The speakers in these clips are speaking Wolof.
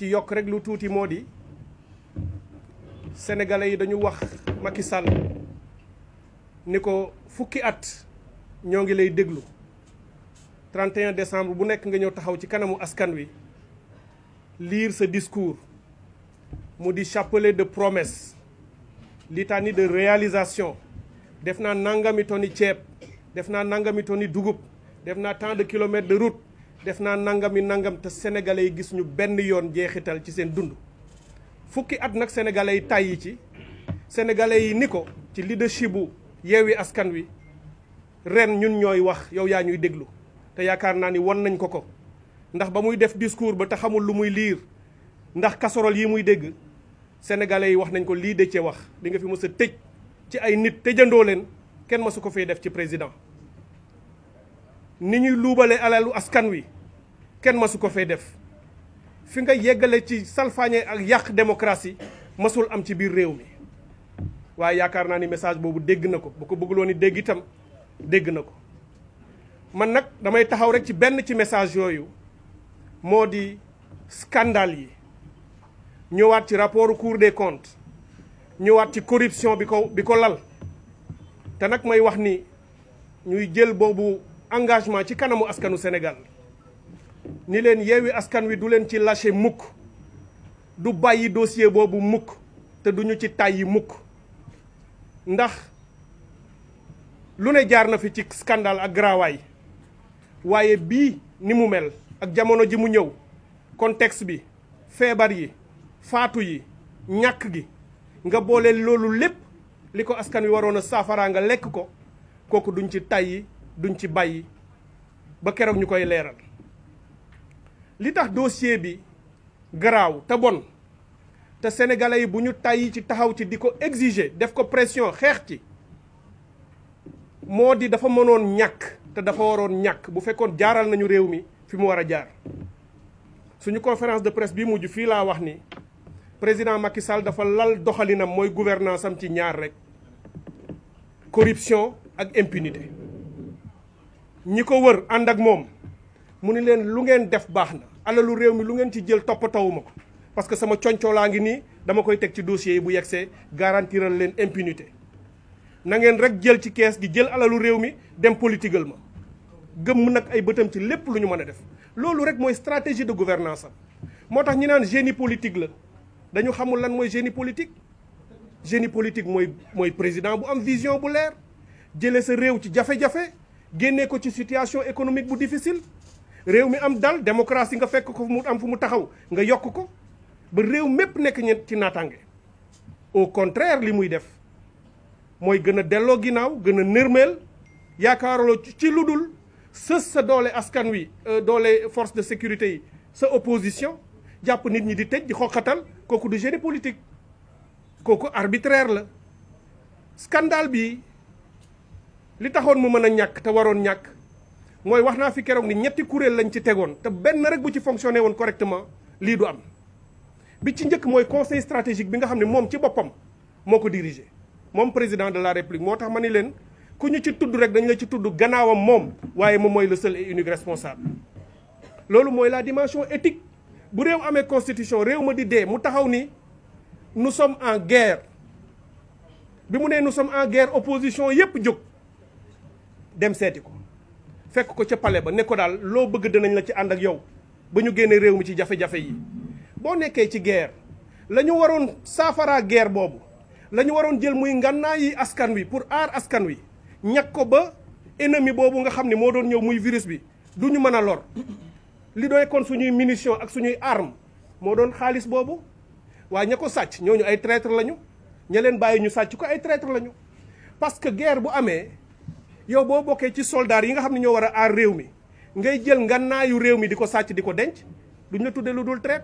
ci yokk rek lu tuuti moo di sénégalais yi dañu wax Macky Sall ni ko fukki at ñoo ngi lay déglu 31 décembre bu nekk nga ñëw taxaw ci kanamu askan wi lire ce discours mu di chapelet de promes, litanie de réalisation defna naa nangami toni defna def naa nangami toni dugub kilometer tant de kilomètres de route def naa nangami nangam te sénégalais yi gis ñu benn yoon jeexital ci seen dund fukki at nag sénégalais yi tàyyi ci sénégalais yi ni ko ci leadership bu yeewi askan wi ren ñun ñooy wax yow yaa ñuy déglu te yaakaar naa ni won nañ ko ko ndax ba muy def discours ba te xamul lu muy liir ndax casserole yi muy dégg sénégalais yi wax nañ ko lii de cee wax li nga fi mës tëj ci ay nit tëjandoo leen kenn mësu ko fee def ci président ni ñuy luubalee alalu askan wi kenn masu ko fee def fi nga yeggale ci salfaañe ak yàq démocratie masul am ci biir réew mi waaye yaakaar naa ni message boobu dégg na ko bu ko bëgguloon ni dégg itam dégg na ko man nag damay taxaw rek ci benn ci message yooyu moo di scandale yi ñëwaat ci rapport Cour des comptes ñëwaat ci corruption bi ko bi ko lal te nag may wax ni ñuy jël boobu engagement ci kanamu askanu senegal ni leen yeewi askan wi du leen ci lâché mukk du bàyyi dossier boobu mukk te duñu ci tàyyi mukk ndax lu ne jaar na fi ci scandale ak graawaay waaye bii ni mu mel ak jamono ji mu ñëw contexte bi feebar yi faatu yi ñàkk gi nga boole loolu lépp li ko askan wi waroon a saafaraa nga lekk ko kooku duñ ci tàyyi duñ ci bayyi ba keroog ñu koy li tax dossier bi graw ta bon ta sénégalais yi buñu tayi ci taxaw ci di exiger def ko pression xeex ci dafa mënon ñàkk te dafa waroon ñàkk bu fekkon jaaral nañu réew mi fi mu wara jaar suñu conférence de presse bi mujj fii la wax ni président Macky Sall dafa lal doxalinam moy gouvernance am ci ñaar rek corruption ak impunité ñi ko wër ànd ak moom mu ni leen lu ngeen def baax na alalu réew mi lu ngeen ci jël toppatoowuma ko parce que sama concoo laa ngi nii dama koy teg ci dossier yi bu yegsee garantiral leen impinité na ngeen rek jël ci kees gi jël alalu réew mi dem politigal ma gëmm nag ay bëtam ci lépp lu ñu mën a def loolu rek mooy stratégie de gouvernance am moo tax ñi naan génie politique la dañu xamul lan mooy génie politique génie politique mooy mooy président bu am vision bu leer jëlee sa réew ci jafe génnee ko ci situation économique bu difficile réew mi am dal démocratie nga fekk ko mu am fu mu taxaw nga yok ko ba réew mepp nek ci natangé. au contraire li muy def moy gëna a ginaaw, gëna nirmel. a nërmeel ci luddul dul se sa askan wi euh, doole force de sécurité yi opposition japp nit ñi di tej di xoxatal koku du génie politique Koku arbitraire la scandale bi li taxoon mu mën a ñàkk te waroon ñàkk mooy wax naa fi keroog ni ñetti kuréel lañ ci tegoon te benn rek bu ci fonctionné woon correctement lii du am bi ci njëkk mooy conseil stratégique bi nga xam ne moom ci boppam moo ko dirigé moom président de la réplique moo tax ma ni leen ku ñu ci tudd rek dañu la ci tudd gannaawam moom waaye moom mooy le seul et unique responsable loolu mooy la dimension éthique bu réew amee constitution réew ma di dee mu taxaw ni nous sommes en guerre bi mu nee nous sommes en guerre opposition yépp jóg dem seeti ko fekk ko ca pale ba ne ko daal loo bëgg dinañ la ci ànd ak yow ba ñu génne réew mi ci jafe-jafe yi boo nekkee ci guerre la ñu waroon saafaraa guerre boobu la ñu waroon jël muy ngànnaay yi askan wi pour aar askan wi ñàkk ko ba ennemi boobu nga xam ne moo doon ñëw muy virus bi du ñu mën a lor li doy kon suñuy munition ak suñuy arme moo doon xaalis boobu waaye ña ko sàcc ñooñu ay traitre lañu ña leen bàyyi ñu sàcc ko ay traître lañu parce que guerre bu amee yow bo bokkee ci soldat yi nga xamni ne ñoo war a aar réew mi ngay jël ngannaayu réew mi diko sacc diko denc duñ la tuddé luddul dul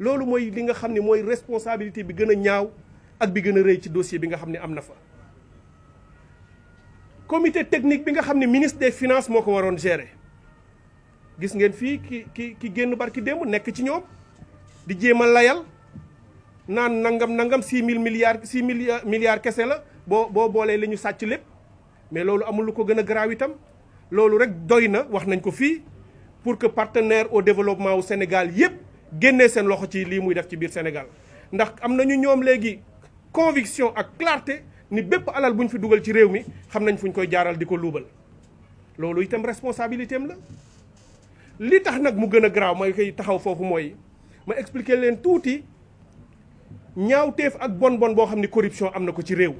lolu moy li nga xamni moy responsabilité bi gëna ñaaw ak bi gëna a ci dossier bi nga xamni amna fa comité technique bi nga xamni ministre des finances moko waron gérer gis ngeen fi ki ki ki genn barki dem nek ci ñoom di jema layal nan nangam nangam 6000 milliards 6000 milliards kese bo bo bo boolee li ñu mais loolu amul ko gëna graw itam loolu rek doyna wax nañ ko fi pour que partenaire au développement au Sénégal yépp génnee seen loxo ci lii muy def ci biir Sénégal ndax am nañu ñoom conviction ak clarté ni bép alal buñ fi duggal ci réew mi xam nañ fu koy jaaral diko loubal luubal itam responsabilité am la li tax nak mu gëna graw garaaw may koy taxaw fofu moy ma expliquer leen touti ñaawteef ak bon bon boo corruption amna ko ci réew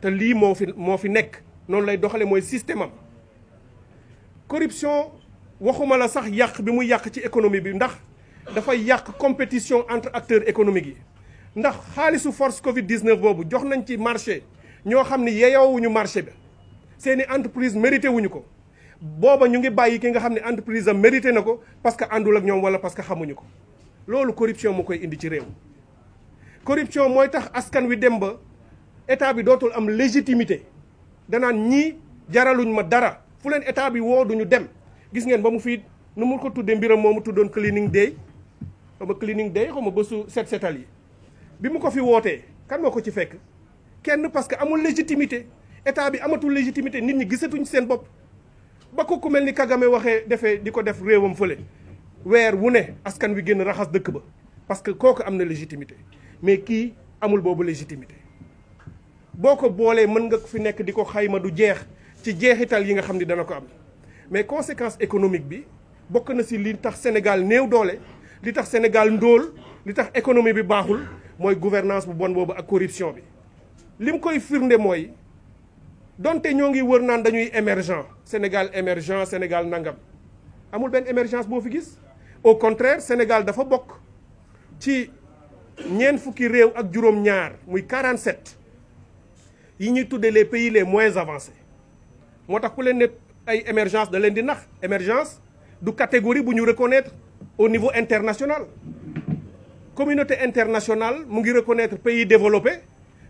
te li mo fi mo fi nek noonu lay doxale mooy système am corruption waxuma la sax yàq bi muy yàq ci économie bi ndax dafay yàq compétition entre acteur économiques yi ndax xaalisu force Covid 19 boobu jox nañ ci marché ñoo xam ni yeyoowuñu marché bi seeni entreprise mérité wuñu ko booba ñu ngi bàyyi ki nga xam ne entreprise am mérité na ko parce que àndul ak ñoom walla parce que xamuñu ko loolu corruption mu koy indi ci réew. corruption mooy tax askan wi dem ba état bi dootul am légitimité danaan ñii jaraluñ ma dara fu leen état bi wooduñu dem gis ngeen ba mu fii nu mu ko tuddee mbiram moomu tuddoon cleaning day xaw ma cleaning day xaw ma bésu set setal yi bi mu ko fi wootee kan moo ko ci fekk kenn parce que amul légitimité état bi amatul légitimité nit ñi gisatuñ seen bopp ba ko ku mel ni Kagame waxee defee di ko def réewam fële weer wu ne askan wi gën raxas dëkk ba parce que kooku am na légitimité mais kii amul boobu légitimité boko bolé mën nga fi nek diko xayma du jeex ci jeexital yi mais conséquence économique bi bokk na si li tax Sénégal néew doolé li tax Sénégal ndol li tax économie bi baxul moy gouvernance bu bon bobu ak corruption bi lim koy firnde moy donté ñongi wër nan dañuy émergent Sénégal émergent Sénégal nangam amul ben émergence bo fi gis au contraire Sénégal dafa bokk ci ñeen fukki réew ak juroom ñaar 47 yi les pays les moins avancés Nous avons émergence de leen émergence du catégorie pour nous reconnaître au niveau international communauté internationale nous ngi reconnaître pays développés,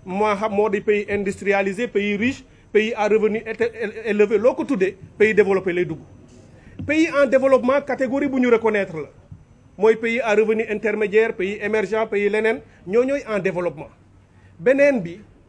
les pays industrialisés, les pays riches, les pays à revenus élevés, les pays développés. Les pays en développement catégorie pour nous reconnaître les pays à intermédiaires, les pays les pays leneen nous sommes en développement beneen bi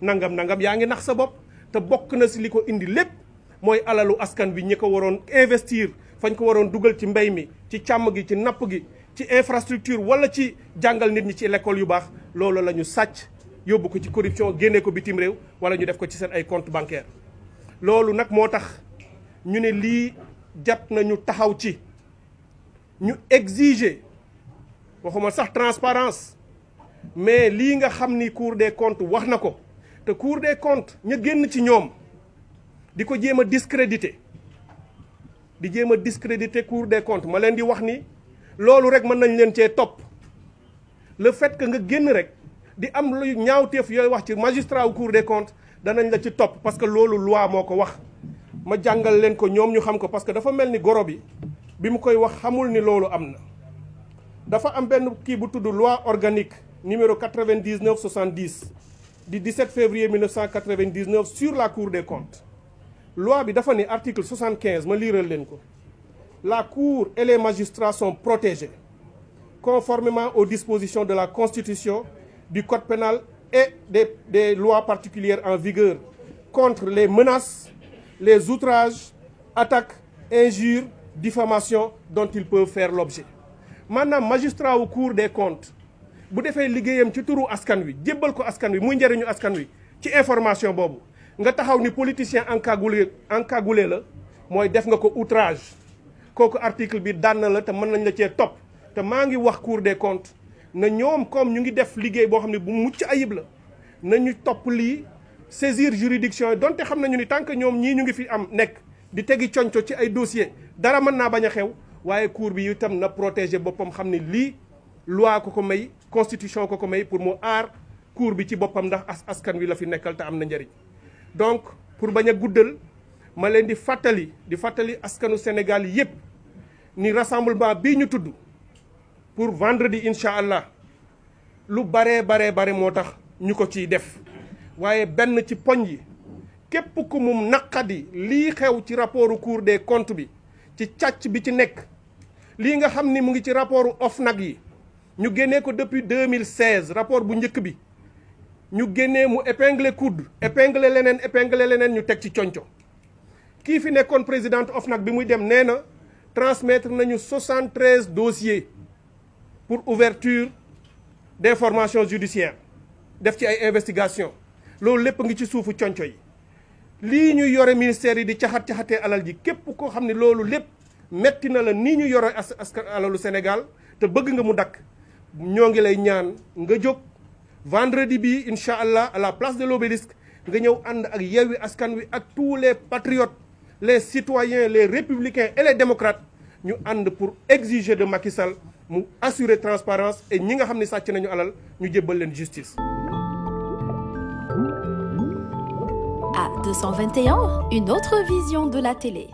nangam nangam yaa ngi nax sa bopp te bokk na si li ko indi lépp mooy alalu askan bi ñi ko waroon investir fañ ko waroon dugal ci mbay mi ci càmm gi ci napp gi ci infrastructure wala ci jàngal nit ñi ci l'école yu baax loolu la ñu sàcc yóbbu ko ci corruption génnee ko bitim réew wala ñu def ko ci seen ay compte bancaire loolu nag moo tax ñu ne lii jat nañu taxaw ci ñu exige waxuma sax transparence mais lii nga xam ni Cour des comptes wax na ko cour des comptes ne génn ci ñoom di ko di cour des comptes Je leen di wax ni ce rek mën nañ top. le fait que nga génn rek di am lu ñaawteef yoy wax ci magistrat au cour des comptes danañ la ci parce que lolu loi moko wax ma jangal len ko ñu xam ko parce que dafa qui goro koy wax xamul ni lolu amna. dafa am ben loi organique numéro 9970, du 17 février 1999 sur la Cour des comptes loi bi article 75 ma lire la Cour et les magistrats sont protégés conformément aux dispositions de la Constitution du Code pénal et des, lois particulières en vigueur contre les menaces les outrages attaques injures diffamations dont ils peuvent faire l'objet Maintenant, magistrats au Cour des comptes bu defee liggéeyam ci turu askan wi jébbal ko askan wi muy njëriñu askan wi ci information boobu nga taxaw ni politicien encagoulé encagoulé la mooy def nga ko outrage kooku article bi daan na la te mën nañ la cee topp te maa ngi wax Cour de comptes na ñoom comme ñu ngi def liggéey boo xam ne bu mucc ayib la ñu topp lii saisir juridiction yi donte xam nañu ni tant que ñoom ñii ñu ngi fi am nekk di tegi conco ci ay dossier dara mën naa bañ a xew waaye cour bi itam na protéger boppam xam ne lii loi ko ko may constitution ko ko may pour mu ar cour bi ci boppam ndax as askan wi la fi nekkal te am na njëriñ donc pour bañ a guddal ma leen di fatali di fàttali askanu Sénégal yépp ni rassemblement bii ñu tudd pour vendredi allah lu bare bare bare moo tax def Wae ben ci poñ yi képp ku mu naqadi lii xew ci rapportu Cour des comptes bi ci càcc bi ci nekk nga ni mu ngi ci rapportu yi Nous avons depuis 2016 rapport bu nous bi épinglé coude épinglé l'énen, épinglé l'énen, ñu ci transmettre 73 dossiers pour ouverture d'informations judiciaires, def ci ay investigation ngi ci suufu yi ministère de di alal ji képp nous xamni loolu ministère metti la ni ñu Sénégal te bëgg nous avons lay ñaan nga vendredi bi à la place de l'obélisque nga ñëw and ak Askan Wi ak tous les patriotes les citoyens les républicains et les démocrates ñu and pour exiger de Macky Sall mu assurer transparence et ñi nga xamni sacc nañu alal ñu leen justice. À 221, une autre vision de la télé.